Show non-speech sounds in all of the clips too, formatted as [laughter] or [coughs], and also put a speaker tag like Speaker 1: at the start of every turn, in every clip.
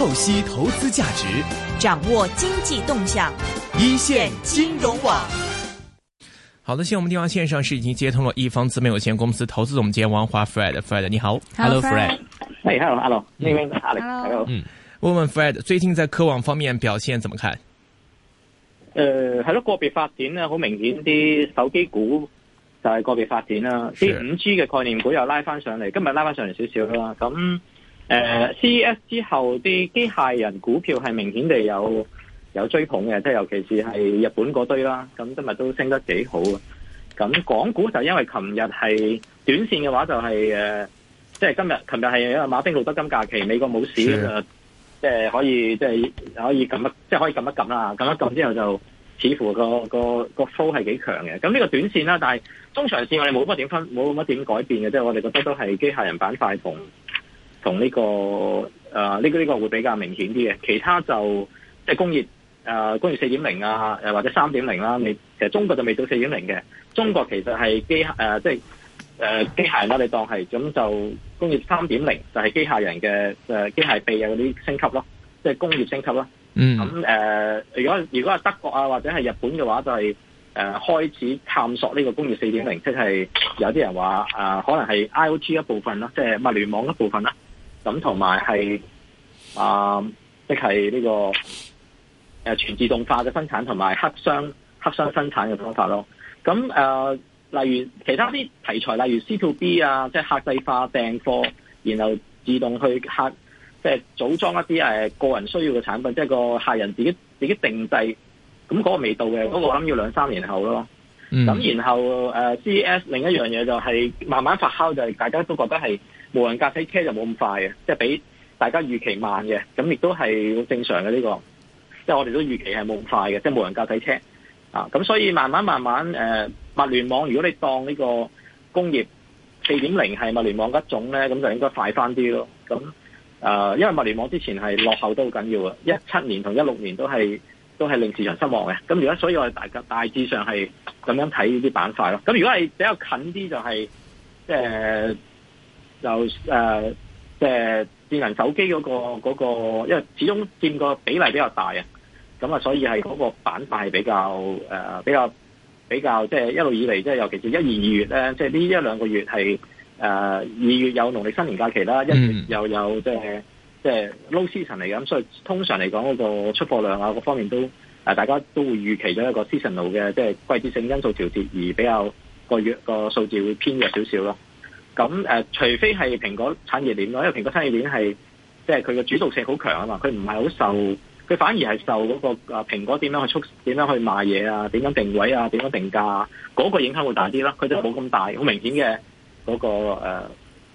Speaker 1: 透析投資價值，掌握經濟動向，一線金融網。好的，現在我們電話線上是已經接通了一方資本有限公司投資總監王華 （Fred）。Fred，你好，Hello Fred。Hello，Hello，
Speaker 2: 你好，Hello，, hello. 嗯。Hello.
Speaker 1: 問問 Fred，最近在科網方面表現怎麼看？
Speaker 2: 呃，係咯，個別發展啦，好明顯啲手機股就係個別發展啦，啲五 G 嘅概念股又拉翻上嚟，今日拉翻上嚟少少啦，咁、嗯。嗯誒、呃、CES 之後啲機械人股票係明顯地有有追捧嘅，即係尤其是係日本嗰堆啦，咁今日都升得幾好啊！咁港股就因為琴日係短線嘅話就係、是、誒、即、呃、係、就是、今日琴日係啊馬丁路德金假期，美國冇市啊，即係的、呃、可以即係、就是、可以撳一即係、就是、可以撳一撳啦，撳一撳之後就似乎個個個 flow 係幾強嘅。咁呢個短線啦，但係中長線我哋冇乜點分，冇乜點改變嘅，即、就、係、是、我哋覺得都係機械人板塊同。同呢、這個誒呢、呃這個呢、這個會比較明顯啲嘅，其他就即係工業誒、呃、工業四點零啊，或者三點零啦。你其實中國就未到四點零嘅，中國其實係機誒即係誒機械人，你當係咁就工業三點零就係機械人嘅誒機械臂啊嗰啲升級咯，即係工業升級咯。咁誒、嗯呃、如果如果係德國啊或者係日本嘅話、就是，就係誒開始探索呢個工業四點零，即係有啲人話誒可能係 IOT 一部分啦，即、就、係、是、物聯網一部分啦。咁同埋係啊，即係呢個誒、呃、全自動化嘅生產，同埋黑箱黑箱生產嘅方法咯。咁誒、呃，例如其他啲題材，例如 C2B 啊，即、就、係、是、客製化訂貨，然後自動去客即係、就是、組裝一啲誒、呃、個人需要嘅產品，即、就、係、是、個客人自己自己定製。咁嗰個未到嘅，嗰、那個我諗要兩三年後咯。
Speaker 3: 咁、嗯、然
Speaker 2: 後誒、呃、，CES 另一樣嘢就係慢慢發酵，就係、是、大家都覺得係。無人駕駛車就冇咁快嘅，即係比大家預期慢嘅，咁亦都係好正常嘅呢個。即係我哋都預期係冇咁快嘅，即係無人駕駛車啊！咁所以慢慢慢慢誒、呃，物聯網如果你當呢個工業四點零係物聯網一種咧，咁就應該快翻啲咯。咁誒、呃，因為物聯網之前係落後都好緊要嘅，一七年同一六年都係都係令市場失望嘅。咁如果所以我哋大家大致上係咁樣睇呢啲板塊咯。咁如果係比較近啲就係即係。呃就誒，即係智能手機嗰、那個嗰、那個，因為始終佔個比例比較大啊，咁啊，所以係嗰個板塊比較誒、呃、比較比較即係、就是、一路以嚟，即、就、係、是、尤其是一二二月咧，即係呢一兩個月係誒、呃、二月有農曆新年假期啦，mm. 一月又有即係即係 low season 嚟嘅，咁、就是、所以通常嚟講嗰個出貨量啊，各方面都誒、呃、大家都會預期咗一個 seasonal 嘅即係、就是、季節性因素調節而比較個月個數字會偏弱少少咯。咁誒、呃，除非係蘋果產業鏈咯，因為蘋果產業鏈係即係佢個主導性好強啊嘛，佢唔係好受，佢反而係受嗰個蘋果點樣去促點樣去賣嘢啊，點樣定位啊，點樣定價，嗰、那個影響會大啲咯。佢都冇咁大，好明顯嘅嗰、那個誒、呃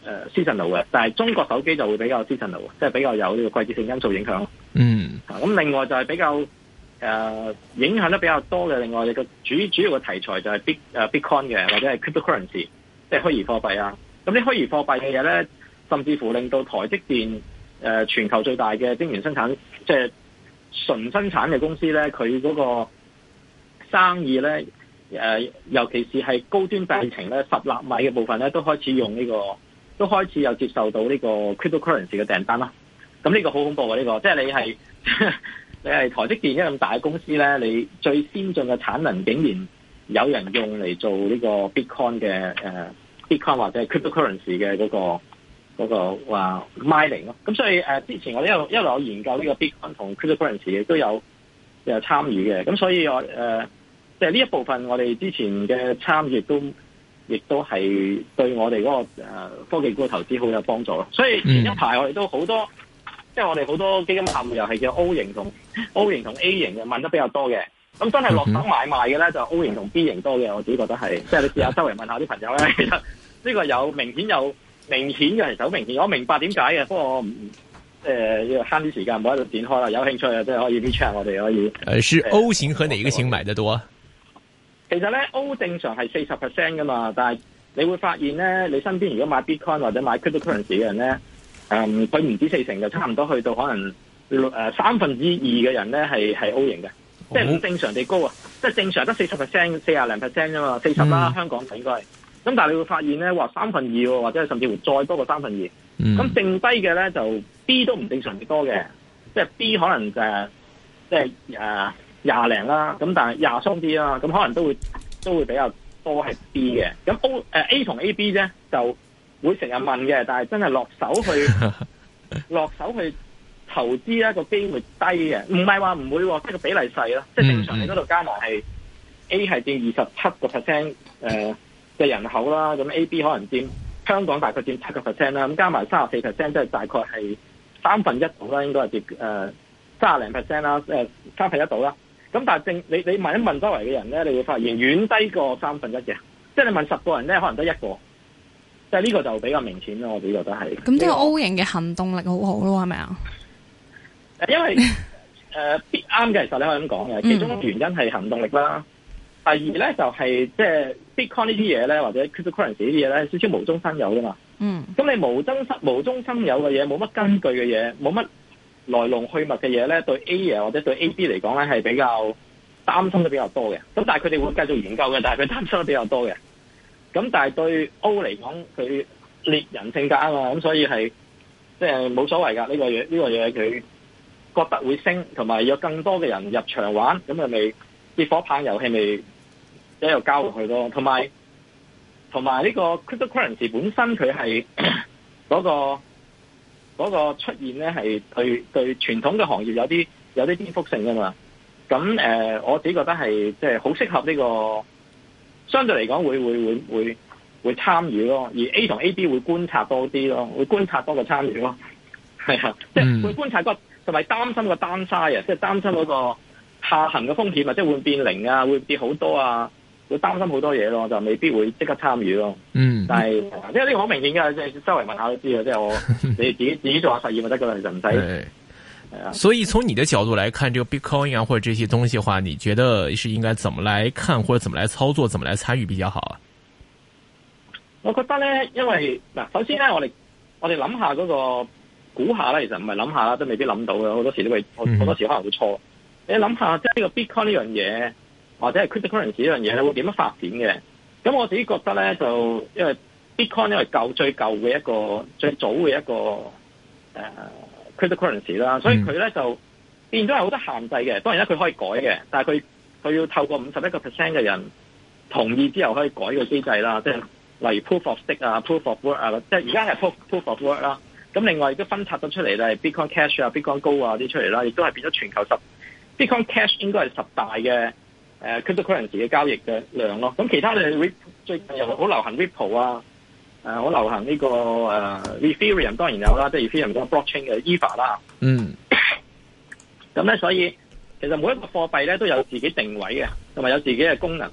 Speaker 2: 呃、seasonal 嘅。但係中國手機就會比較 seasonal，即係比較有呢個季節性因素影響。
Speaker 3: 嗯。咁、
Speaker 2: 啊、另外就係比較誒、呃、影響得比較多嘅，另外嘅主主要嘅題材就係 bit 呃、bitcoin 嘅，或者係 cryptocurrency，即係虛擬貨幣啊。咁啲虛擬貨幣嘅嘢咧，甚至乎令到台積電誒、呃、全球最大嘅晶圓生產，即、就、係、是、純生產嘅公司咧，佢嗰個生意咧、呃、尤其是係高端製程咧十納米嘅部分咧，都開始用呢、這個，都開始有接受到呢個 crypto currency 嘅訂單啦。咁呢個好恐怖啊！呢、這個即係你係你係台積電一咁大嘅公司咧，你最先進嘅產能竟然有人用嚟做呢個 Bitcoin 嘅誒。呃 Bitcoin 或者係 cryptocurrency 嘅嗰個嗰個話 Mining 咯，咁所以誒之前我哋一路一路我研究呢個 Bitcoin 同 cryptocurrency 亦都有有參與嘅，咁所以我誒即係呢一部分我哋之前嘅參與都亦都係對我哋嗰個誒科技股嘅投資好有幫助咯，所以前一排我哋都好多，即係我哋好多基金客戶又係叫 O 型同 O 型同 A 型嘅問得比較多嘅。咁真係落手買賣嘅咧，就 O 型同 B 型多嘅，我自己覺得係，即係你試下周圍問，問下啲朋友咧，其實呢個有明顯有明顯嘅，人手明顯，我明白我、呃、點解嘅。不過我唔誒，慳啲時間唔好喺度展開啦。有興趣啊，即係可以 wechat 我哋可以。
Speaker 1: 誒，是 O 型和哪一個型買得多？
Speaker 2: 其實咧 O 正常係四十 percent 噶嘛，但係你會發現咧，你身邊如果買 Bitcoin 或者買 crypto currency 嘅人咧，嗯，佢唔止四成，就差唔多去到可能誒三分之二嘅人咧係係 O 型嘅。即係唔正常地高啊！即係正常得四十 percent、四廿零 percent 啫嘛，四十啦，嗯、香港就應該。係。咁但係你會發現咧，話三分二或者甚至乎再多過三分二。咁剩低嘅咧就 B 都唔正常咁多嘅，即係 B 可能就係即係誒廿零啦，咁、就是 uh, 但係廿鬆啲啦，咁可能都會都會比較多係 B 嘅。咁 O 誒 A 同 A B 咧就會成日問嘅，但係真係落手去落手去。 [laughs] 投資一個機會低嘅，唔係話唔會，即係個比例細咯，即係、嗯嗯、正常你嗰度加埋係 A 係佔二十七個 percent 誒嘅人口啦，咁 A B 可能佔香港大概佔七個 percent 啦，咁加埋三十四 percent，即係大概係三分一度啦，應該係跌誒三十零 percent 啦，誒、呃呃、三分一度啦。咁但係正你你問一問周圍嘅人咧，你會發現遠低過三分一嘅，即係你問十個人咧，可能得一個，即係呢個就比較明顯咯。我哋覺得係。咁即係 O 型嘅行動力好好咯，係咪啊？ [laughs] 因為誒啱嘅，其、呃、實你可以咁講嘅。其中原因係行動力啦。Mm hmm. 第二咧就係、是、即係 Bitcoin 呢啲嘢咧，或者 Cryptocurrency 呢啲嘢咧，少少無中生有噶嘛。嗯、mm。咁、hmm. 你無無中生有嘅嘢，冇乜根據嘅嘢，冇乜來龍去脈嘅嘢咧，對 A 或者對 A B 嚟講咧係比較擔心得比較多嘅。咁但係佢哋會繼續研究嘅，但係佢擔心得比較多嘅。咁但係對 O 嚟講，佢獵人性格啊嘛，咁所以係即係冇所謂噶呢個嘢呢、呢個嘢佢。覺得會升，同埋有更多嘅人入場玩，咁咪咪鐵火棒遊戲咪一路交落去咯。同埋同埋呢個 cryptocurrencies 本身佢係嗰個出現咧，係對對傳統嘅行業有啲有啲顛覆性噶嘛。咁誒、呃，我自己覺得係即係好適合呢、這個，相對嚟講會會會會會參與咯。而 A 同 A B 會觀察多啲咯，會觀察多過參與咯。係啊的，嗯、即係會觀察多個。同埋擔心個單沙啊，即係擔心嗰個下行嘅風險啊，即係會變零啊，會跌好多啊，會擔心好多嘢咯，就未必會即刻參與咯。嗯，但係因為呢個好明顯嘅，即係周圍問下都知啊。即係我你自己 [laughs] 自己做下實驗就得嘅啦，就唔使。係啊對，嗯、
Speaker 1: 所以從你的角度來看，這個 Bitcoin 啊，或者這些東西的話，你覺得是應該怎麼來看，或者怎麼來操作，怎麼來參與比較好啊？
Speaker 2: 我覺得咧，因為嗱，首先咧，我哋我哋諗下嗰個。估下啦，其實唔係諗下啦，都未必諗到嘅。好多時都會好、嗯、多時可能會錯。你諗下，即係呢個 Bitcoin 呢樣嘢，或者係 cryptocurrency 呢樣嘢，會點樣發展嘅？咁我自己覺得咧，就因為 Bitcoin 因為舊最舊嘅一個最早嘅一個誒、uh, cryptocurrency 啦，嗯、所以佢咧就變咗係好多限制嘅。當然咧，佢可以改嘅，但係佢佢要透過五十一個 percent 嘅人同意之後可以改個機制啦。即係例如 proof of stake 啊，proof of work 啊，即係而家係 proof proof of work 啦、啊。咁另外亦都分拆咗出嚟啦，係 Bitcoin Cash 啊、Bitcoin Gold 啊啲出嚟啦，亦都係變咗全球十 Bitcoin Cash 應該係十大嘅誒、呃、cryptocurrency 嘅交易嘅量咯。咁其他你最最近又好流行 Ripple 啊，好、啊、流行呢、呢個誒、啊、Ethereum 當然有啦，即、就、係、是、Ethereum 嗰個 Blockchain 嘅 Eva 啦。嗯。咁咧， [coughs] 所以其實每一個貨幣咧都有自己定位嘅，同埋有自己嘅功能，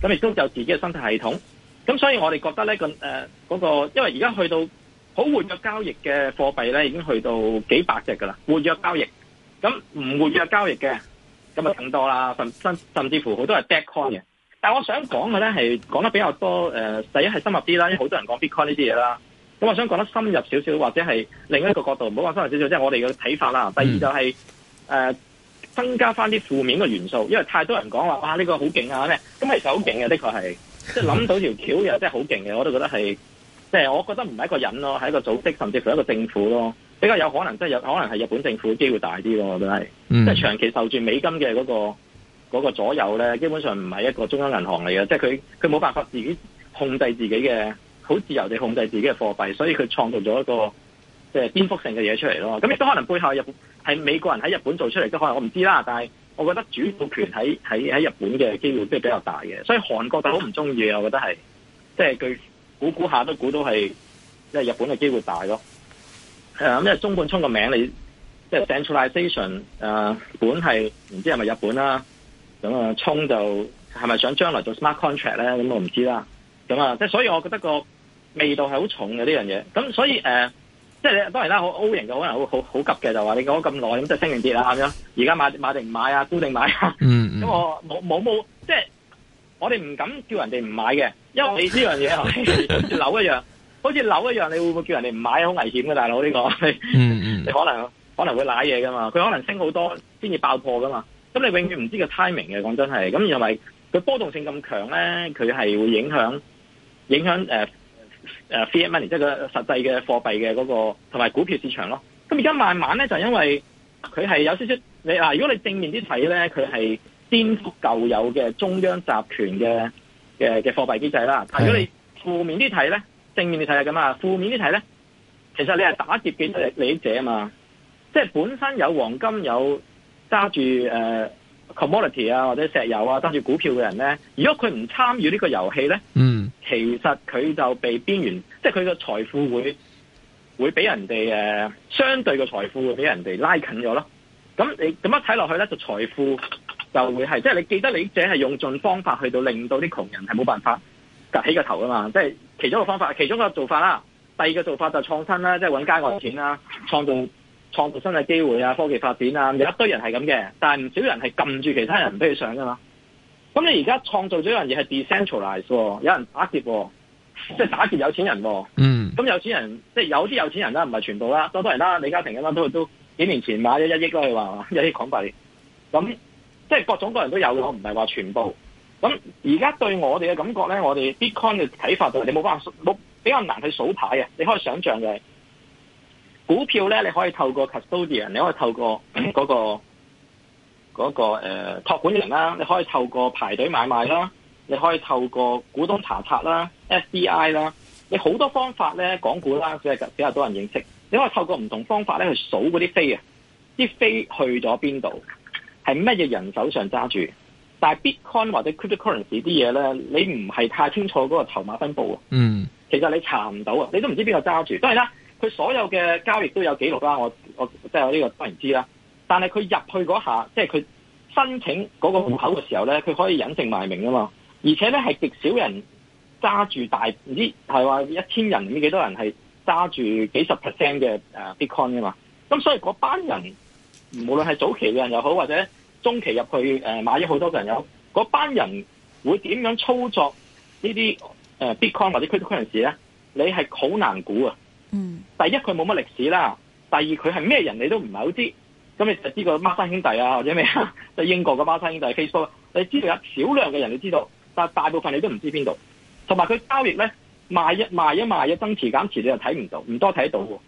Speaker 2: 咁亦都有自己嘅生態系統。咁所以我哋覺得咧，呃那個誒嗰個因為而家去到。好活躍交易嘅貨幣咧，已經去到幾百隻噶啦。活躍交易，咁唔活躍交易嘅，咁啊更多啦。甚甚甚至乎好多係 Bitcoin 嘅。但係我想講嘅咧係講得比較多誒、呃。第一係深入啲啦，因為好多人講 Bitcoin 呢啲嘢啦。咁我想講得深入少少，或者係另一個角度，唔好話深入少少，即、就、係、是、我哋嘅睇法啦。第二就係、是、誒、嗯呃、增加翻啲負面嘅元素，因為太多人講話哇呢、這個好勁啊咩，咁其實好勁嘅，的確係即係諗到條橋又真係好勁嘅，我都覺得係。即係我覺得唔係一個人咯，係一個組織，甚至乎一個政府咯，比較有可能即係、就是、有可能係日本政府機會大啲咯，我覺得係即係長期受住美金嘅嗰個嗰個左右咧，基本上唔係一個中央銀行嚟嘅，即係佢佢冇辦法自己控制自己嘅，好自由地控制自己嘅貨幣，所以佢創造咗一個即係顛覆性嘅嘢出嚟咯。咁亦都可能背後係日本，係美國人喺日本做出嚟都可能我唔知啦，但係我覺得主導權喺喺喺日本嘅機會即係比較大嘅，所以韓國就好唔中意我覺得係即係佢。就是估估下都估到係即係日本嘅機會大咯，係、呃、咁，因為中半沖個名你即係、就是、centralization 誒、呃、本係唔知係咪日本啦、啊，咁啊沖就係咪想將來做 smart contract 咧？咁、嗯、我唔知啦，咁啊即係所以我覺得個味道係好重嘅呢樣嘢，咁所以誒、呃，即係當然啦，好 O 型嘅可能好好好急嘅就話你講咗咁耐，咁即係升完跌啦咁樣。而家買買定買啊，沽定買啊，咁、mm hmm. 我冇冇冇，即係我哋唔敢叫人哋唔買嘅。 [laughs] 因為你呢樣嘢，係樓一樣，好似樓一樣，你會唔會叫人哋唔買？好危險嘅大佬呢、個， [laughs] 你可能可能會瀨嘢噶嘛？佢可能升好多先至爆破噶嘛？咁你永遠唔知個 timing 嘅，講真係。咁同埋佢波動性咁強咧，佢係會影響影響誒誒 fiat money 即係、個實際嘅貨幣嘅嗰個同埋股票市場咯。咁而家慢慢咧，就因為佢係有少少你，如果你正面啲睇咧，佢係顛覆舊有嘅中央集權嘅嘅嘅貨幣機制啦，如果你負面啲睇咧，正面你睇下咁啊，負面啲睇咧，其實你係打劫嘅利益者啊嘛，即係本身有黃金有揸住誒 commodity 啊或者石油啊揸住股票嘅人咧，如果佢唔參與呢個遊戲咧，嗯，其實佢就被邊緣，即係佢個財富會會俾人哋誒、呃、相對嘅財富會俾人哋拉近咗咯，咁你咁一睇落去咧就財富。就會係即係你記得你只係用盡方法去到令到啲窮人係冇辦法趷起個頭啊嘛！即係其中一個方法，其中一個做法啦。第二個做法就創新啦，即係揾街外錢啦，創造創造新嘅機會啊，科技發展啊，有一堆人係咁嘅。但係唔少人係撳住其他人唔俾佢上噶嘛。咁你而家創造咗樣嘢係 decentralize 喎、喎，有人打劫、喎，即係打劫有錢人喎。嗯。咁有錢人即係有啲有錢人啦，唔係全部啦，多多人啦，李嘉誠咁啦都都幾年前買咗一億都係話嘛一億港幣咁。即係各種各人都有，我唔係話全部。咁而家對我哋嘅感覺咧，我哋 Bitcoin 嘅睇法就係你冇辦法冇比較難去數牌嘅。你可以想象嘅股票咧，你可以透過 custodian，你可以透過嗰個嗰個，呃，託管人啦，你可以透過排隊買賣啦，你可以透過股東查冊啦、SDI 啦，你好多方法咧，港股啦，即係比較多人認識。你可以透過唔同方法咧去數嗰啲飛啊，啲飛去咗邊度？係乜嘢人手上揸住。但係 Bitcoin 或者 cryptocurrency 啲嘢咧，你唔係太清楚嗰個籌碼分佈。嗯，mm. 其實你查唔到啊，你都唔知邊個揸住。當然啦，佢所有嘅交易都有記錄啦。我我即係我呢個當然知啦。但係佢入去嗰下，即係佢申請嗰個戶口嘅時候咧，佢可以隱姓埋名啊嘛。而且咧，係極少人揸住大，唔知係話一千人，唔知幾多人係揸住幾十 percent 嘅誒 Bitcoin 啊嘛。咁所以嗰班人無論係早期嘅人又好，或者中期入去誒買咗好多個人，有嗰班人會點樣操作呢啲誒 Bitcoin 或者 crypto currency 咧？你係好難估啊！第一佢冇乜歷史啦，第二佢係咩人你都唔係好知，咁、嗯、你就知道個孖生兄弟啊或者咩？就 [laughs] 英國個孖生兄弟 Facebook，你知道有少量嘅人你知道，但係大部分你都唔知邊度。同埋佢交易咧，賣一賣一賣一增持減持，你就睇唔到，唔多睇到喎。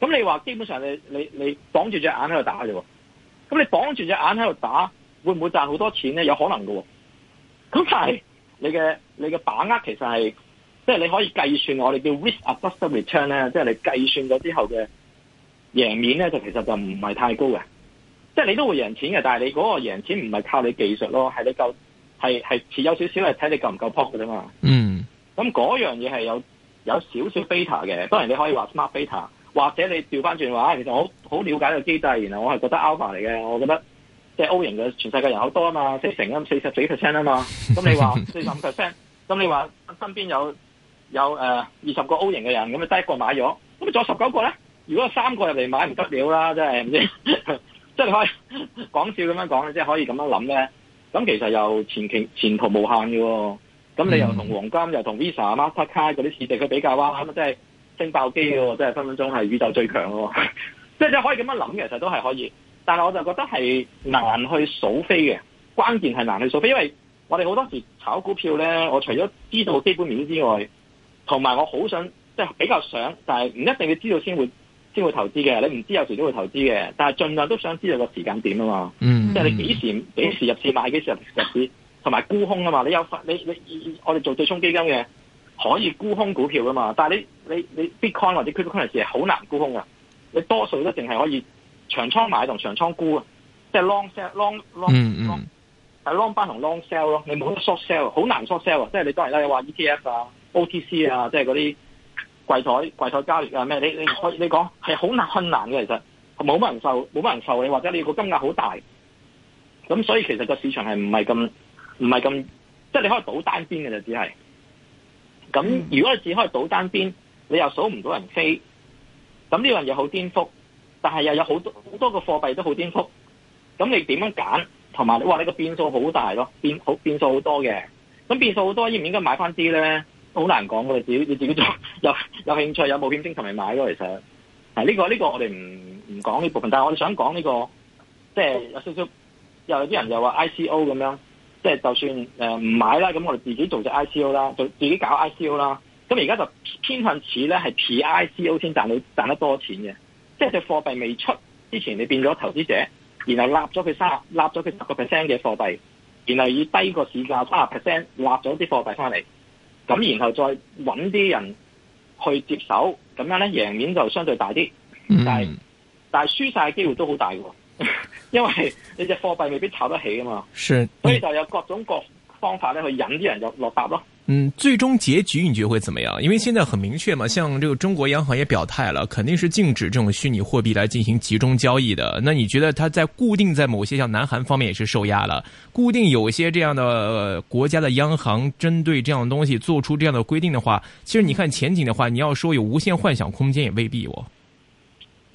Speaker 2: 咁你話基本上你你你綁住隻眼喺度打嘞喎。咁你綁住隻眼喺度打，會唔會賺好多錢咧？有可能喎，哦。咁但係你嘅你嘅把握其實係，即係你可以計算我哋叫 risk adjusted return 咧，即係你計算咗之後嘅贏面咧，就其實就唔係太高嘅。即係你都會贏錢嘅，但係你嗰個贏錢唔係靠你技術咯，係你夠係係似有少少係睇你夠唔夠 pop 嘅啫嘛。
Speaker 3: 嗯、
Speaker 2: mm.。咁嗰樣嘢係有有少少 beta 嘅，當然你可以話 smart beta。或者你調翻轉，話，其實我好好了解個機制，然後我係覺得 alpha 嚟嘅。我覺得即係 O 型嘅，全世界人口多啊嘛，四成啊，四十幾 percent 啊嘛。咁你話四十五 percent，咁你話身邊有有誒二十個 O 型嘅人，咁你第一個買咗，咁你仲有十九個咧？如果有三個入嚟買唔得了啦，真係唔知，即 [laughs] 係可以講笑咁樣講，即係可以咁樣諗咧。咁其實又前景前途無限嘅、哦，咁你又同黃金又同 Visa、Mastercard 嗰啲市地去比較啊，咁啊即係。升爆機嘅，即係分分鐘係宇宙最強咯，即係你可以咁樣諗，其實都係可以，但係我就覺得係難去數飛嘅，關鍵係難去數飛，因為我哋好多時炒股票咧，我除咗知道基本面之外，同埋我好想即係比較想，但係唔一定要知道先會先會投資嘅，你唔知有時都會投資嘅，但係盡量都想知道個時間點啊嘛，嗯嗯即係你幾時幾時入市買，幾時入市，同埋沽空啊嘛，你有你你，你我哋做對沖基金嘅，可以沽空股票噶嘛，但係你。你你 Bitcoin 或者 crypto currency 係好難沽空嘅，你多數都淨係可以長倉買同長倉沽嘅，即係 long sell long long long 係 long buy 同 long sell 咯，你冇得 short sell 好難 short sell 啊！即係你都係你話 ETF 啊、OTC 啊，即係嗰啲櫃台櫃台交易啊咩？你以你你講係好難困難嘅，其實冇乜人受冇乜人受你，或者你個金額好大，咁所以其實個市場係唔係咁唔係咁，即係、就是、你可以賭單邊嘅就只係，咁如果你只可以賭單邊。你又數唔到人飛，咁呢樣嘢好顛覆，但係又有好多好多個貨幣都好顛覆，咁你點樣揀？同埋你話你個變數好大咯，變好變數好多嘅，咁變數好多，多，應唔應該買翻啲咧？好難講㗎，自己要自己做，有有興趣有冒險精神同埋買咯。其實呢、呢個呢、呢個我哋唔唔講呢部分，但係我哋想講呢、呢個，即係有少少又有啲人又話 I C O 咁樣，即係就算唔買啦，咁我哋自己做隻 I C O 啦，就自己搞 I C O 啦。咁而家就偏向似咧係 PICO 先賺到賺得多錢嘅，即係隻貨幣未出之前，你變咗投資者，然後立咗佢三立咗佢十個 percent 嘅貨幣，然後以低個市價卅 percent 立咗啲貨幣翻嚟，咁然後再揾啲人去接手，咁樣咧贏面就相對大啲、
Speaker 3: 嗯，但係
Speaker 2: 但係輸曬嘅機會都好大嘅、哦，因為你隻貨幣未必炒得起啊嘛，
Speaker 1: 是的 所以
Speaker 2: 就有各種各方法咧去引啲人就落搭咯。
Speaker 1: 嗯，最終結局你覺得會怎麼樣？因為現在很明確嘛，像這個中國央行也表態了，肯定是禁止這種虛擬貨幣來進行集中交易的。那你覺得它在固定在某些像南韓方面也是受壓了？固定有些這樣的、呃、國家的央行針對這樣的東西做出這樣的規定的話，其實你看前景的話，你要說有無限幻想空間也未必哦。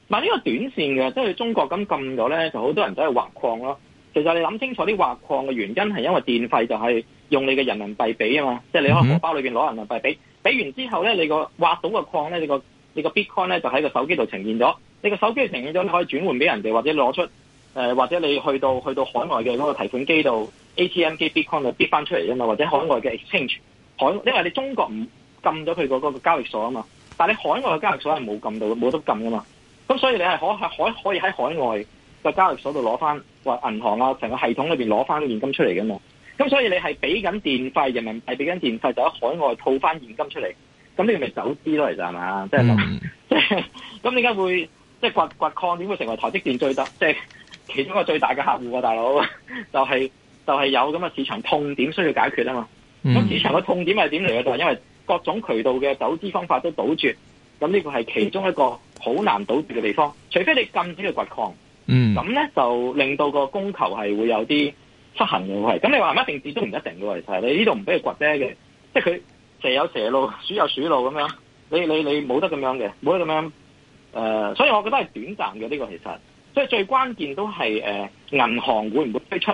Speaker 2: 嘛，呢個短線嘅，即係中國咁禁咗呢，就好多人走去挖礦咯。其實你諗清楚啲挖礦嘅原因，係因為電費就係、是。用你嘅人民幣俾啊嘛，即係你開荷包裏面攞人民幣俾，俾完之後咧，你個挖到個礦咧，你個你個 bitcoin 咧就喺個手機度呈現咗。你個手機呈現咗，你可以轉換俾人哋，或者攞出誒、呃，或者你去到去到海外嘅嗰個提款機度，ATM 機 bitcoin 就 bit 翻出嚟啊嘛。或者海外嘅 exchange 海，因為你中國唔禁咗佢個個交易所啊嘛，但你海外嘅交易所係冇禁到，冇得禁噶嘛。咁所以你係可係可可以喺海外個交易所度攞翻或銀行啊，成個系統裏面攞翻現現金出嚟嘅嘛。咁所以你係俾緊電費，人民幣俾緊電費，就喺海外套翻現金出嚟。咁你咪走資咯，其實係咪嘛？即係即係，咁點解會即係掘掘礦點會成為台積電最大即係、就是、其中一個最大嘅客戶、啊？大佬 [laughs] 就係、是、就係、是、有咁嘅市場痛點需要解決啊嘛。咁、mm. 市場嘅痛點係點嚟嘅？就係、是、因為各種渠道嘅走資方法都堵住，咁呢個係其中一個好難堵住嘅地方。除非你禁止去掘礦，咁咧、mm. 就令到個供求係會有啲。執行嘅喎係？咁你話唔一定，始都唔一定嘅喎其實，你呢度唔俾佢掘啫嘅，即係佢蛇有蛇路，鼠有鼠路咁樣，你你你冇得咁樣嘅，冇得咁樣誒、呃，所以我覺得係短暫嘅呢、這個其實，即係最關鍵都係誒、呃、銀行會唔會推出，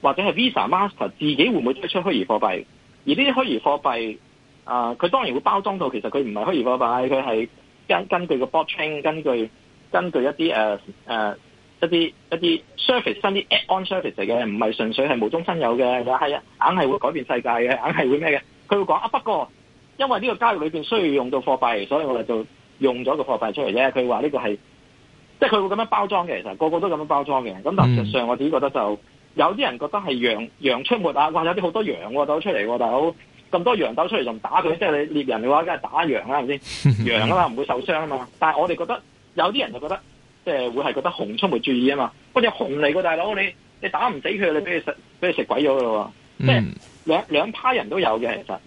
Speaker 2: 或者係 Visa、Master 自己會唔會推出虛擬貨幣，而呢啲虛擬貨幣啊，佢、呃、當然會包裝到其實佢唔係虛擬貨幣，佢係根根據個 blockchain，根據根據一啲誒誒。呃呃一啲一啲 service 新啲 add-on service 嚟嘅，唔係純粹係無中生有嘅，係啊，硬係會改變世界嘅，硬係會咩嘅？佢會講啊，不過因為呢個交易裏邊需要用到貨幣，所以我哋就用咗個貨幣出嚟啫。佢話呢個係即係佢會咁樣包裝嘅，其實個個都咁樣包裝嘅。咁，事實上我自己覺得就有啲人覺得係羊羊出沒啊！哇，有啲好多羊走出嚟喎，大佬咁多羊走出嚟，就唔打佢，即係你獵人嘅話，梗係打羊啦，係咪先？羊啊嘛，唔會受傷啊嘛。但係我哋覺得有啲人就覺得。即係會係覺得熊出沒注意啊嘛，嗰隻熊嚟個大佬，你你打唔死佢，你俾佢食俾佢食鬼咗咯，嗯、即係兩兩派人都有嘅，其實。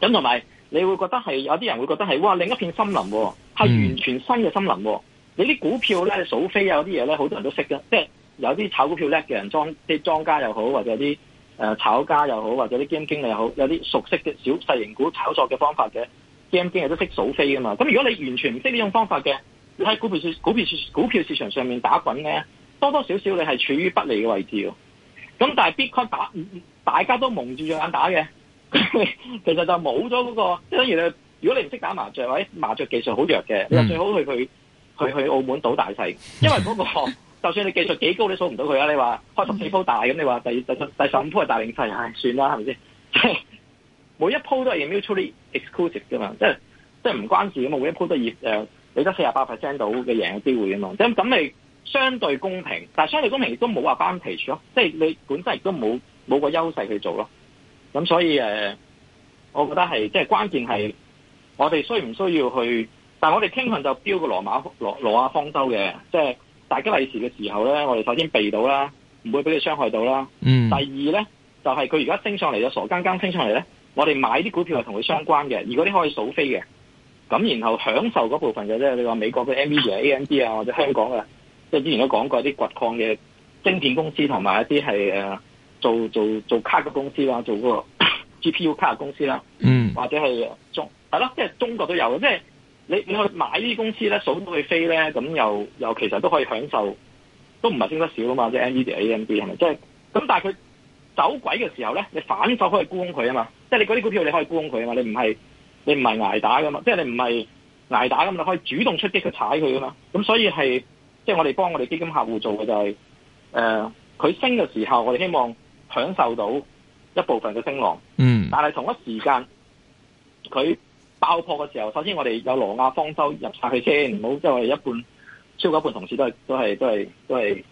Speaker 2: 咁同埋你會覺得係有啲人會覺得係哇，另一片森林、哦，係完全新嘅森林、哦。嗯、你啲股票咧數飛啊，有啲嘢咧好多人都識嘅，即係有啲炒股票叻嘅人莊，即係莊家又好，或者啲誒、呃、炒家又好，或者啲基金經理又好，有啲熟悉嘅小細型股炒作嘅方法嘅基金經理都識數飛啊嘛。咁如果你完全唔識呢種方法嘅，你喺股票市、股票市、股票市場上面打滾咧，多多少少你係處於不利嘅位置。咁但係 Bitcoin 打，大家都蒙住隻眼打嘅，其實就冇咗嗰個。即係如果你唔識打麻雀，或者麻雀技術好弱嘅，你話最好去佢去去、去澳門賭大細。因為嗰個就算你技術幾高，你數唔到佢啊。你話開十四鋪大咁，你話第第第十五鋪係大定細，唉算啦，係咪先？即係每一鋪都係 mutually exclusive 噶嘛，即係即係唔關事噶嘛，每一鋪都係誒。你得四十八 percent 到嘅贏嘅機會咁嘛，咁咁係相對公平，但係相對公平亦都冇話 advantage 咯，即係你本身亦都冇冇個優勢去做咯。咁所以誒，我覺得係即係關鍵係我哋需唔需要去？但係我哋傾向就標個羅馬羅羅亞方舟嘅，即係大吉利是嘅時候咧，我哋首先避到啦，唔會俾你傷害到啦。嗯。第二咧，就係佢而家升上嚟咗，傻更更升上嚟咧，我哋買啲股票係同佢相關嘅，而嗰啲可以數飛嘅。咁然後享受嗰部分嘅即係你話美國嘅 NVIDIA、AMD 啊，或者香港嘅，即係之前都講過啲掘礦嘅晶片公司，同埋一啲係做做做卡嘅公司啦，做嗰個 GPU 卡嘅公司啦，嗯，或者係中係咯，即係中國都有嘅，即係你你買呢啲公司咧，數都去飛咧，咁又又其實都可以享受，都唔係升得少啊嘛，即係 NVIDIA、AMD 係咪？即係咁，但係佢走鬼嘅時候咧，你反手可以沽空佢啊嘛，即係你嗰啲股票你可以沽空佢啊嘛，你唔係。你唔係捱打㗎嘛？即係你唔係捱打㗎嘛？你可以主動出擊去踩佢㗎嘛？咁所以係即係我哋幫我哋基金客戶做嘅就係、是、誒，佢、呃、升嘅時候，我哋希望享受到一部分嘅升浪。嗯。但係同一時間佢爆破嘅時候，首先我哋有羅亞方舟入晒去先，唔好即係我哋一半超過一半同事都係都係都係都係即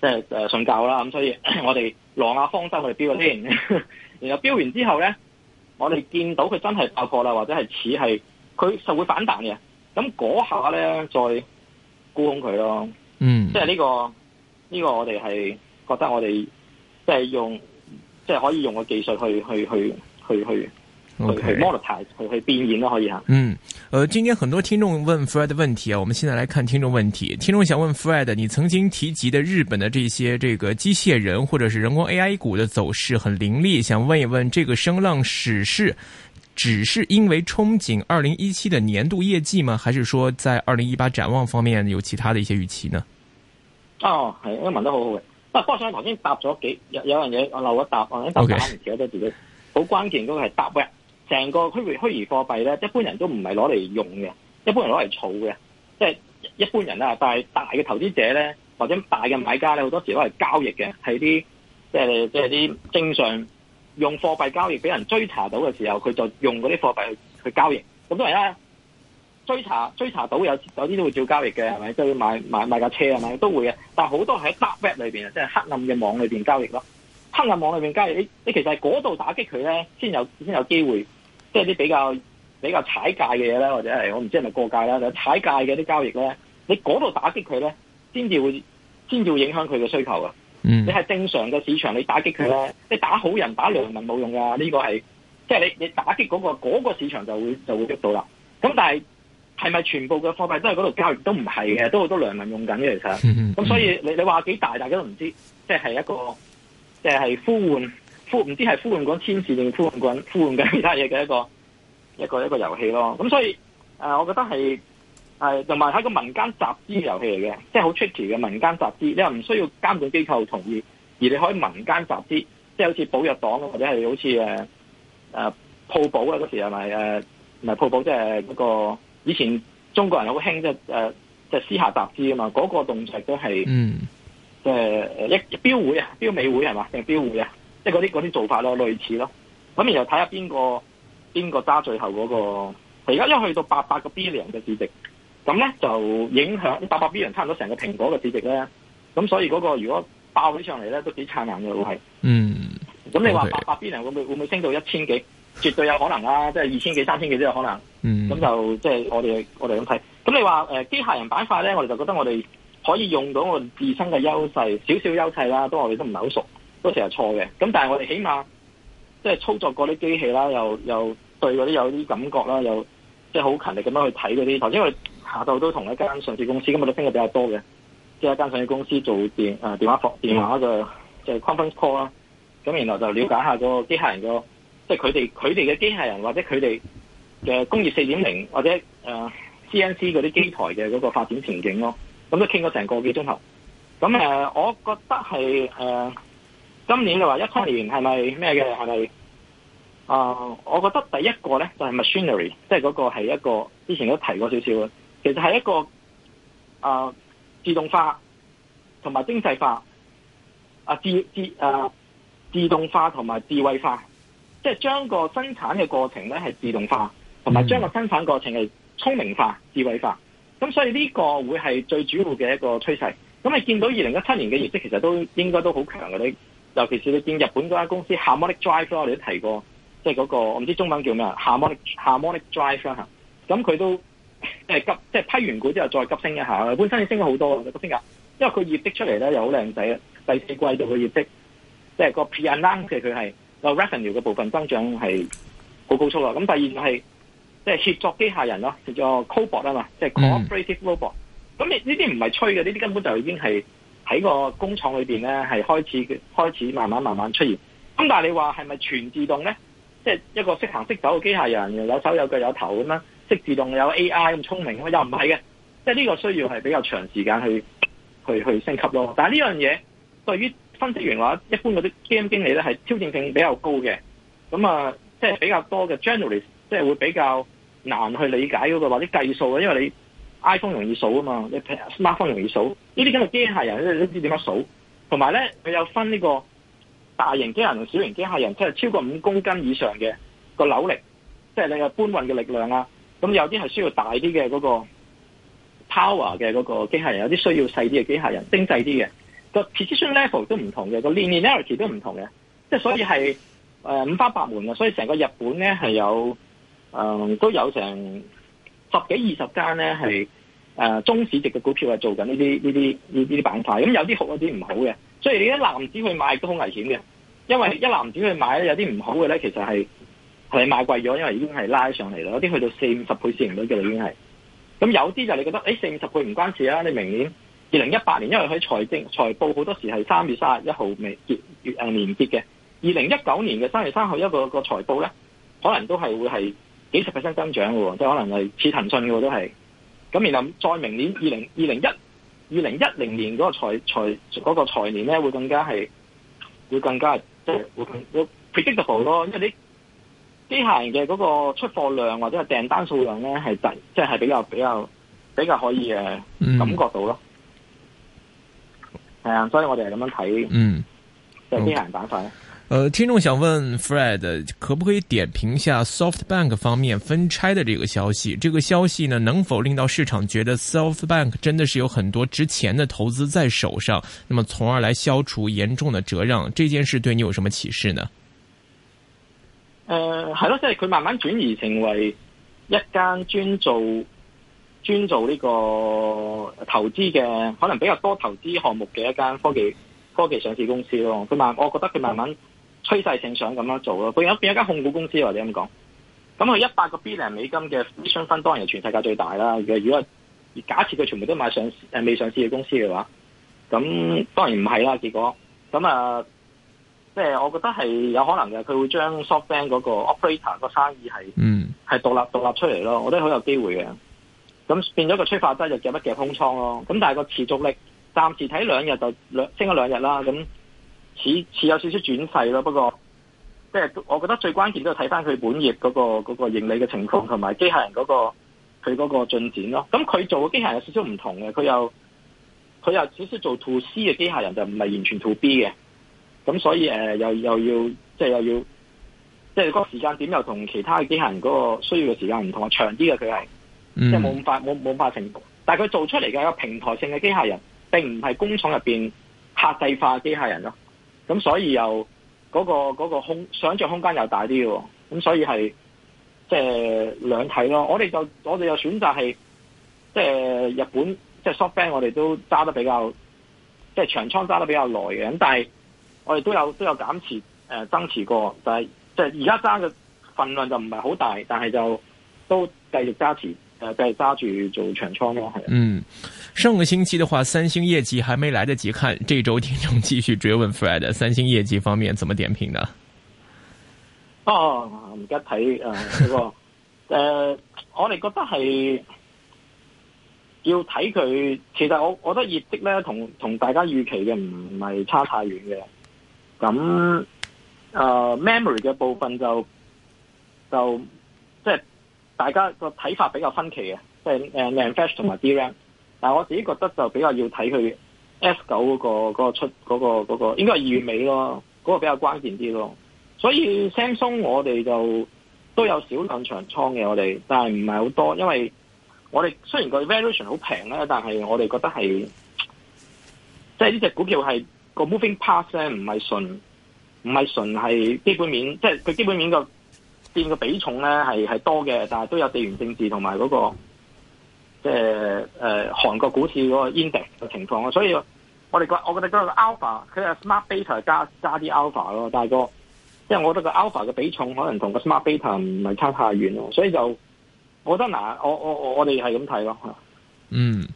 Speaker 2: 係誒信教啦。咁所以我哋羅亞方舟去標咗先，的 [laughs] 然後標完之後咧。我哋見到佢真係爆破啦，或者係似係佢就會反彈嘅。咁嗰下咧，再沽空佢咯。嗯，即係呢個呢個，這個、我哋係覺得我哋即係用即係、就是、可以用個技術去去去去去，去去去 Okay. 嗯，
Speaker 1: 呃，今天很多聽眾問 Fred 的問題啊，我們現在來看聽眾問題。聽眾想問 Fred，你曾經提及的日本的這些這個機械人或者是人工 AI 股的走勢很凌厲，想問一問，這個聲浪史是只是因為憧憬二零一七的年度業績嗎？還是說在二零一八展望方面有其他的一些預期呢？哦，
Speaker 2: 係，問得好好嘅。不過我想頭先答咗幾有有樣嘢我留一答，我喺度打完得都自己好關鍵嗰個係答 Okay. 成個虛擬虛擬貨幣咧，一般人都唔係攞嚟用嘅，一般人攞嚟儲嘅，即係一般人啊，但係大嘅投資者咧，或者大嘅買家咧，好多時都係交易嘅，係啲即係即係啲正常用貨幣交易，俾人追查到嘅時候，佢就用嗰啲貨幣去去交易。咁當然啦，追查追查到有有啲都會照交易嘅，係咪？即係買買買架車啊，咩都會嘅。但係好多喺 dark web 裏邊啊，即係黑暗嘅網裏邊交易咯。暗網裏面交易，加你你其實係嗰度打擊佢咧，先有先有機會，即係啲比較比較踩界嘅嘢咧，或者係我唔知係咪過界啦，就踩界嘅啲交易咧，你嗰度打擊佢咧，先至會先至會影響佢嘅需求啊！嗯、你係正常嘅市場，你打擊佢咧，你打好人打良民冇用噶、啊、呢、呢個係即係你你打擊嗰、嗰個、嗰個市場就會就會喐到啦。咁但係係咪全部嘅貨幣都喺嗰度交易？都唔係嘅，都好多良民用緊嘅，其實。咁所以你你話幾大，大家都唔知，即、就、係、是、一個。即係呼喚，呼唔知係呼喚講天字定呼喚講呼喚緊其他嘢嘅一個一個一個遊戲咯。咁所以，誒、呃，我覺得係係同埋係一個民間集資遊戲嚟嘅，即係好 tricky 嘅民間集資。你又唔需要監管機構同意，而你可以民間集資，即係好似保約黨或者係好似誒誒鋪寶啊，嗰時係咪誒，唔係鋪寶，即係嗰個以前中國人好興即係誒即係私下集資啊嘛。嗰、那個動作都係嗯。即係一標會啊，標美會係嘛定標會啊，即係嗰啲啲做法咯，類似咯。咁然後睇下邊個邊個揸最後嗰、那個。而家一去到八百個 B 量嘅市值，咁咧就影響八百 B 量差唔多成個蘋果嘅市值咧。咁所以嗰個如果爆起上嚟咧，都幾燦爛嘅位。會係嗯。咁你話八百 B 量會唔會會唔會升到一千幾？絕對有可能啦、啊，即、就、係、是、二千幾、三千幾都有可能。嗯。咁就即係、就是、我哋我哋咁睇。咁你話誒機械人板塊咧，我哋就覺得我哋。可以用到我自身嘅優勢，少少優勢啦，都我哋都唔係好熟，都成日錯嘅。咁但係我哋起碼即係、就是、操作過啲機器啦，又又對嗰啲有啲感覺啦，又即係好勤力咁樣去睇嗰啲。頭先我哋下晝都同一間上市公司，咁我哋傾得比較多嘅，即、就、係、是、一間上市公司做電誒、啊、電話服電話嘅就是、conference call 啦。咁然後就了解一下個機械人嘅，即係佢哋佢哋嘅機械人或者佢哋嘅工業四點零或者誒、啊、CNC 嗰啲機台嘅嗰個發展前景咯。咁都傾咗成個幾鐘頭，咁誒、呃、我覺得係誒、呃、今年嘅話，一七年係咪咩嘅？係咪啊？我覺得第一個咧就係、是、machinery，即係嗰個係一個之前都提過少少嘅，其實係一個啊、呃、自動化同埋精細化啊自自誒、呃、自動化同埋智慧化，即、就、係、是、將個生產嘅過程咧係自動化，同埋將個生產過程係聰明化、智慧化。咁所以呢個會係最主要嘅一個趨勢。咁你見到二零一七年嘅業績其實都應該都好強嘅。你尤其是你見日本嗰間公司 Harmonic Drive，我哋都提過，即係嗰個我唔知中文叫咩，Harmonic Harmonic Drive 啦。咁佢都即係急，即係批完股之後再急升一下。本身已經升咗好多啊，個升價，因為佢業績出嚟咧又好靚仔啊。第四季度嘅業績，即係個 P and L 其實佢係嗱 revenue 嘅部分增長係好高速啦。咁第二係。即係協作機械人咯，叫做 cobot 啊嘛，即係 cooperative robot。咁你呢啲唔係吹嘅，呢啲根本就已經係喺個工廠裏邊咧，係開始開始慢慢慢慢出現。咁但係你話係咪全自動咧？即係一個識行識走嘅機械人，有手有腳有頭咁樣，識自動有 AI 咁聰明咁，又唔係嘅。即係呢個需要係比較長時間去去去升級咯。但係呢樣嘢對於分析員或者一般嗰啲 GM 經理咧，係挑戰性比較高嘅。咁啊，即係比較多嘅 journalist，即係會比較。難去理解嗰個或者計數啊，因為你 iPhone 容易數啊嘛，你 smartphone 容易數，呢啲咁嘅機械人你都知點樣數。同埋咧，佢有分呢個大型機械人同小型機械人，即係超過五公斤以上嘅個扭力，即係你嘅搬運嘅力量啊。咁有啲係需要大啲嘅嗰個 power 嘅嗰個機械人，有啲需要細啲嘅機械人，精細啲嘅個 position level 都唔同嘅，個 linearity 都唔同嘅，即係所以係誒五花八門嘅，所以成個日本咧係有。誒、嗯，都有成十幾二十間咧，係誒、呃、中市值嘅股票係做緊呢啲呢啲呢啲板塊。咁有啲好，有啲唔好嘅。所以你一籃子去買都好危險嘅，因為一籃子去買咧，有啲唔好嘅咧，其實係係買貴咗，因為已經係拉上嚟啦。有啲去到四五十倍市盈率嘅，已經係。咁有啲就你覺得誒、欸、四五十倍唔關事啊？你明年二零一八年，因為佢財政財報好多時係三月卅一號年結誒年結嘅。二零一九年嘅三月三號一個個財報咧，可能都係會係。幾十 percent 增長嘅喎，即係可能係似騰訊嘅喎，都係。咁然後，再明年二零二零一二零一零年嗰個財財嗰個財年咧，會更加係會更加即係會更會 predictable 咯，因為啲機械人嘅嗰個出貨量或者係訂單數量咧係滯，即係係比較比較比較可以誒感覺到咯。係啊、嗯，所以我哋係咁樣睇。嗯，就係機械人板塊。嗯
Speaker 1: 呃，聽眾想問 Fred，可不可以點評下 SoftBank 方面分拆的這個消息？這個消息呢，能否令到市場覺得 SoftBank 真的是有很多值錢的投資在手上？那麼，從而來消除嚴重的折讓？這件事對你有什麼啟示呢？呃，
Speaker 2: 係咯，即係佢慢慢轉移成為一間專做專做呢個投資嘅，可能比較多投資項目嘅一間科技科技上市公司咯。佢慢，我覺得佢慢慢。趨勢性想咁樣做咯，佢有變一間控股公司喎，你咁講。咁佢一百個 B 零美金嘅商分當然係全世界最大啦。如果如果假設佢全部都買上市未上市嘅公司嘅話，咁當然唔係啦。結果咁啊，即係我覺得係有可能嘅，佢會將 SoftBank 嗰個 operator 個生意係嗯係獨立獨立出嚟咯。我覺得好有機會嘅。咁變咗個催化劑就夾一夾空倉咯。咁但係個持續力暫時睇兩日就兩升咗兩日啦。咁。似似有少少轉世咯，不過即係我覺得最關鍵都係睇翻佢本業嗰個嗰個盈利嘅情況，同埋機械人嗰個佢嗰個進展咯。咁佢做嘅機械人有少少唔同嘅，佢又佢又少少做 to C 嘅機械人，就唔係完全 to B 嘅。咁所以、呃、又又要即係又要即係嗰個時間點又同其他嘅機械人嗰個需要嘅時間唔同，長啲嘅佢係即係冇咁快冇冇咁快成功。但係佢做出嚟嘅一個平台性嘅機械人，並唔係工廠入邊客製化機械人咯。咁所以又嗰個嗰個空想像空間又大啲喎。咁所以係即係兩體咯。我哋就我哋又選擇係即係日本即係 SoftBank，我哋都揸得比較即係長倉揸得比較耐嘅。咁但係我哋都有都有減持、呃、增持過，但係即係而家揸嘅份量就唔係好大，但係就都繼續加持誒、呃，繼續揸住做長倉咯，係。嗯。
Speaker 1: 上個星期嘅話，三星業績還沒來得及看，這週聽眾繼續追問 Fred，三星業績方面怎麼點評呢？哦，
Speaker 2: 而家睇誒，個、呃、誒、 [laughs] 呃，我哋覺得係要睇佢，其實我我覺得業績咧，同同大家預期嘅唔係差太遠嘅。咁、嗯、誒、呃、，memory 嘅部分就就即係大家個睇法比較分歧嘅，即係誒 NAND Flash 同埋 DRAM。但係我自己覺得就比較要睇佢 S 九嗰、那個那個出嗰、那個嗰、那個、那個、應該係二月尾咯，嗰、那個比較關鍵啲咯。所以 Samsung 我哋就都有少量長倉嘅我哋，但係唔係好多，因為我哋雖然個 valuation 好平咧，但係我哋覺得係即係呢隻股票係、那個 moving past 咧，唔係純唔係純係基本面，即係佢基本面個佔個比重咧係係多嘅，但係都有地緣政治同埋嗰個。即係誒韓國股市嗰個 index 嘅情況，所以我哋覺我覺得個 alpha 佢嘅 smart beta 加加啲 alpha 咯，但係個，因為我覺得個 alpha 嘅比重可能同個 smart beta 唔係差太遠咯，所以就，我覺得嗱，我我我我哋係咁睇咯吓。嗯。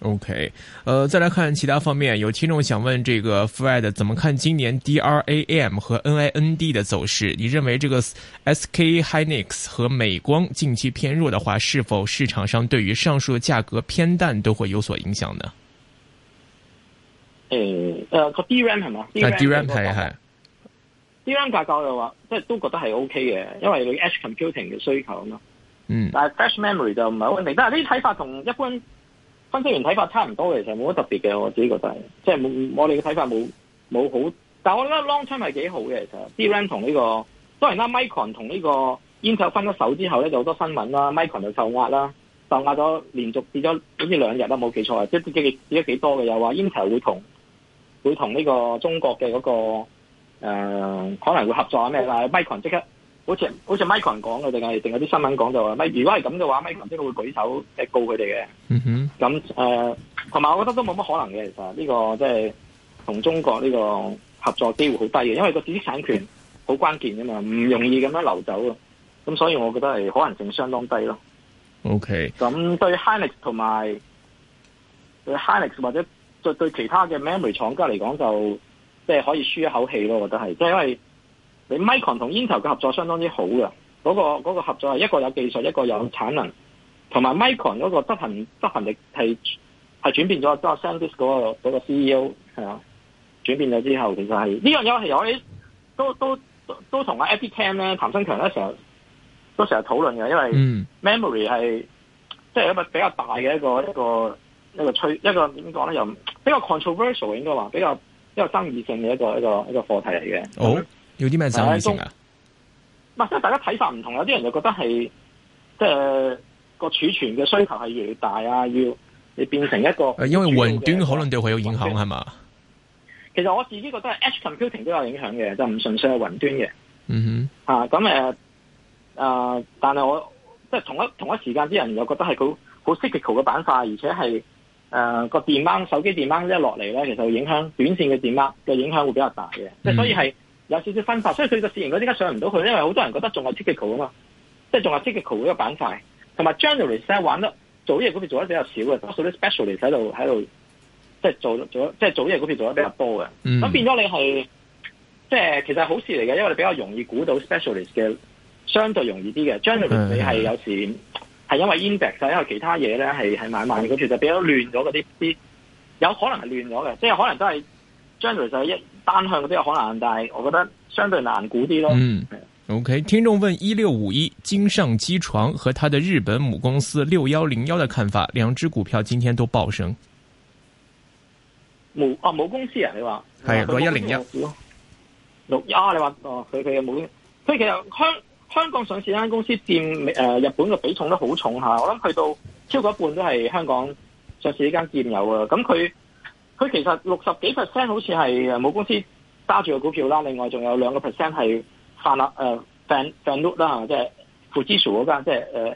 Speaker 1: OK，呃，再來看其他方面，有聽眾想問這個 Fred 怎麼看今年 DRAM 和 NAND 的走勢？你認為這個 SK Hynix 和美光近期偏弱的話，是否市場上對於上述的價格偏淡都會有所影響呢？誒，呃，個
Speaker 2: DRAM 係嘛？DRAM 係係，DRAM 價格的話，即係是是
Speaker 1: 都覺得係 OK 嘅，
Speaker 2: 因為你 Edge computing 嘅需求嘛。嗯但，但係 Flash memory 就唔係好明，但係呢啲睇法同一般，分析員睇法差唔多嘅，其實冇乜特別嘅，我自己覺得係，即係我我哋嘅睇法冇冇好，但係我覺得 long term 係幾好嘅，其實、DRAM 同呢、呢個當然啦，Micron 同呢個 Intel 分咗手之後咧，就好多新聞啦，Micron 就受壓啦，受壓咗連續跌咗好似兩日都冇記錯啊，即係跌幾咗幾多嘅，又話 Intel 會同會同呢個中國嘅嗰、嗰個、呃、可能會合作咩嗱，Micron 即刻。嗯好似好似 Michael 講嘅定係定有啲新聞講就話咪如果係咁嘅話，Michael 應該會舉手誒告佢哋嘅。嗯哼，咁誒同埋，呃、我覺得都冇乜可能嘅。其實呢、呢個即係同中國呢個合作機會好低嘅，因為個知識產權好關鍵嘅嘛，唔容易咁樣流走啊。咁所以，我覺得係可能性相當低咯。OK，咁對 Hynix 同埋對 Hynix 或者對，對其他嘅 memory 廠家嚟講，就即係、就是、可以舒一口氣咯。我覺得係，即、就、係、是、因為。你 Micron 同 Intel 嘅合作相當之好嘅，嗰、那個嗰、那個合作係一個有技術一個有產能，同埋 Micron 嗰個執行執行力係係轉變咗、那個，即係 SanDisk 嗰個嗰個 CEO 係啊，轉變咗之後其實係、這個 e、呢樣嘢係我哋都都都同阿 Eddie Tam 咧、譚新強咧成日都成日討論嘅，因為嗯 memory 係即係一個比較大嘅一個一個一個趨一個點講咧，又比較 controversial 應該話比較一個爭議性嘅一個一個一個課題嚟嘅。好、啊。Oh.
Speaker 1: 要啲咩事情啊？
Speaker 2: 唔係即係大家睇法唔同，有啲人就覺得係即係個儲存嘅需求係越大啊！要你變成一個，因為雲端可
Speaker 1: 能對佢有影響係
Speaker 2: 嘛？端吧其實我自己覺得係 Edge computing 都有影響嘅，就唔、是、純粹係雲端嘅。嗯哼、mm，咁、hmm. 誒、啊，但係我即係同一同一時間，啲人又覺得係佢好 cyclical 嘅板塊，而且係誒個電掹手機電掹一落嚟咧，其實會影響短線嘅電掹嘅影響會比較大嘅，即係、mm hmm. 所以係。有少少分法，所以佢個市型啲依家上唔到去，因為好多人覺得仲係 technical 啊嘛，即係仲係 technical 嗰個板塊，同埋 generalist 玩得做嘢嗰邊做得比較少嘅，多數啲 specialist 喺度喺度即係做咗做咗即係做嘢嗰邊做得比較多嘅。咁、嗯、變咗你係即係其實是好事嚟嘅，因為你比較容易估到 specialist 嘅相對容易啲嘅。generalist 你係有時係因為 index 因為其他嘢咧係係慢慢嗰其就比較亂咗嗰啲啲，有可能係亂咗嘅，即、就、係、是、可能都係 general 就係一。單向嗰啲有可能，但係我覺得相對難估啲咯。
Speaker 1: 嗯，OK，聽眾問一六五一京上機床和他的日本母公司六幺零幺的看法，兩隻股票今天都爆升。
Speaker 2: 冇啊，母公司啊，你話係六幺零幺，六幺你話哦，佢佢嘅母，佢其實香香港上市間公司佔誒、呃、日本嘅比重都好重吓、啊，我諗去到超過一半都係香港上市呢間佔有噶，咁、嗯、佢。佢其實六十幾 percent 好似係誒母公司揸住嘅股票啦，另外仲有兩個 percent 係泛亞誒 v e n v e n 啦，即係富士通嗰間，即係誒 v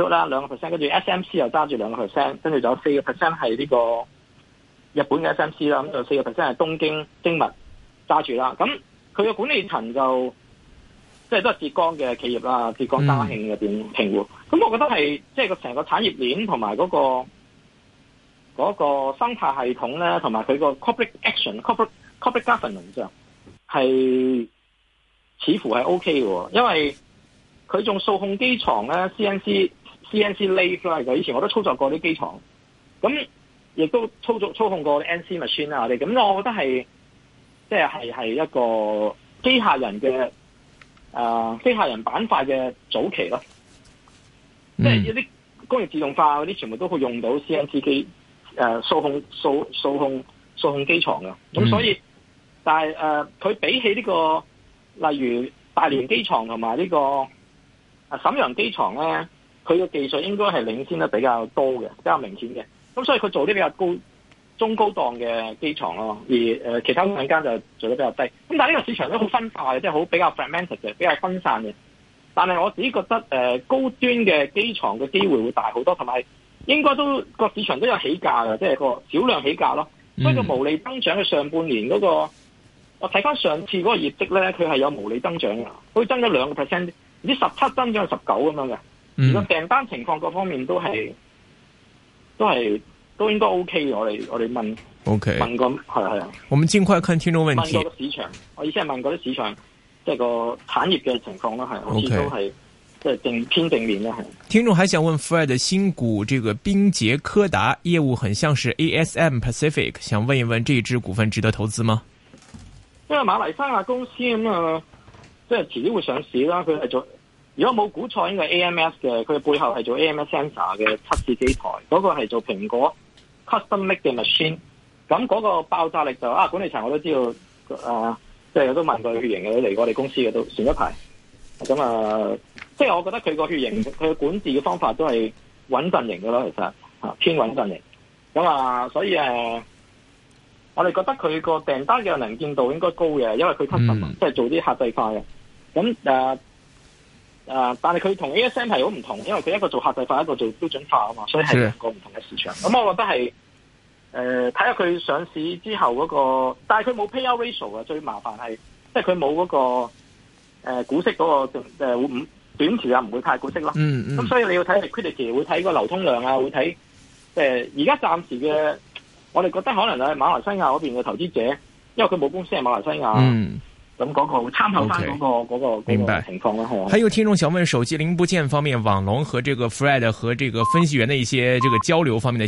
Speaker 2: e n 啦兩個 percent，跟住 SMC 又揸住兩個 percent，跟住仲有四個 percent 係呢個日本嘅 SMC 啦，咁就四個 percent 係東京精密揸住啦。咁佢嘅管理層就即係、就是、都係浙江嘅企業啦，浙江嘉興入邊嘅喎。咁、嗯、我覺得係即係個成個產業鏈同埋嗰個。嗰個生態系統咧，同埋佢個 public action Corporate，public public governance 係似乎係 OK 嘅、哦，因為佢仲數控機床咧，CNC、CNC, CNC lathe 嘅，以前我都操作過啲機床，咁亦都操作、操控過 NC machine 啊。我哋咁，我覺得係即係係係一個機械人嘅啊、呃、機械人板塊嘅早期咯，即係、嗯、一啲工業自動化嗰啲，全部都會用到 CNC 機。誒數、啊、控數數控數控機床嘅，咁、嗯、所以，但係誒佢比起呢、這個，例如大連機床同埋、這個、呢個啊瀋陽機床咧，佢嘅技術應該係領先得比較多嘅，比較明顯嘅。咁所以佢做啲比較高中高檔嘅機床咯，而誒、呃、其他兩間就做得比較低。咁但係呢個市場都好分化嘅，即係好比較 fragmented 嘅，比較分散嘅。但係我自己覺得誒、呃、高端嘅機床嘅機會會大好多，同埋。應該都個市場都有起價噶，即係個少量起價咯。所以個毛利增長嘅上半年嗰個，我睇翻上次嗰個業績咧，佢係有毛利增長噶，佢增咗兩個 percent，唔知十七增長十九咁樣嘅。而個訂單情況各方面都係都係都應該 OK。我哋我哋問 OK，問個係係啊。
Speaker 1: 我們盡 Okay. 快看聽眾問題。問個
Speaker 2: 市場，我意思係問嗰啲市場，即係個產業嘅情況啦，係好似都係。Okay. 即係定偏定面
Speaker 1: 啦，係。聽眾還想問 Fred 的新股，這個冰傑柯達業務很像是 ASM Pacific，想問一問，這支股份值得投資嗎？
Speaker 2: 因為馬來西亞公司咁啊，即係遲啲會上市啦。佢係做，如果冇估錯應該 AMS 嘅，佢背後係做 AMS Sensor 嘅測試機台，嗰、那個係做蘋果 Custom Make 嘅 machine。咁嗰個爆炸力就啊，管理層我都知道，啊、呃，即係有都問過血型嘅嚟我哋公司嘅都前一排，咁、嗯、啊。呃即係我覺得佢個血型，佢管治嘅方法都係穩陣型嘅咯，其實吓偏穩陣型。咁啊，所以誒、呃，我哋覺得佢個訂單嘅能見度應該高嘅，因為佢吞十，即係做啲客製化嘅。咁誒誒，但係佢同 A S M 係好唔同，因為佢一個做客製化，一個做標準化啊嘛，所以係兩個唔同嘅市場。咁的我覺得係誒，睇下佢上市之後嗰、那個，但係佢冇 payout ratio 啊，最麻煩係，即係佢冇嗰個誒、呃、股息嗰、那個誒、呃短期啊，唔會太股息咯、嗯。嗯嗯。咁所以你要睇 credit，會睇個流通量啊，會睇即係而家暫時嘅，我哋覺得可能係馬來西亞邊嘅投資者，因為佢冇公司係馬來西亞，嗯。咁、那個會參考翻、那個 okay,、那個嗰、那個嗰、那個情況啦，係白。是還
Speaker 1: 有聽眾想問手機零部件方面，網龍和這個 Fred 和這個分析員的一些這個交流方面嘅。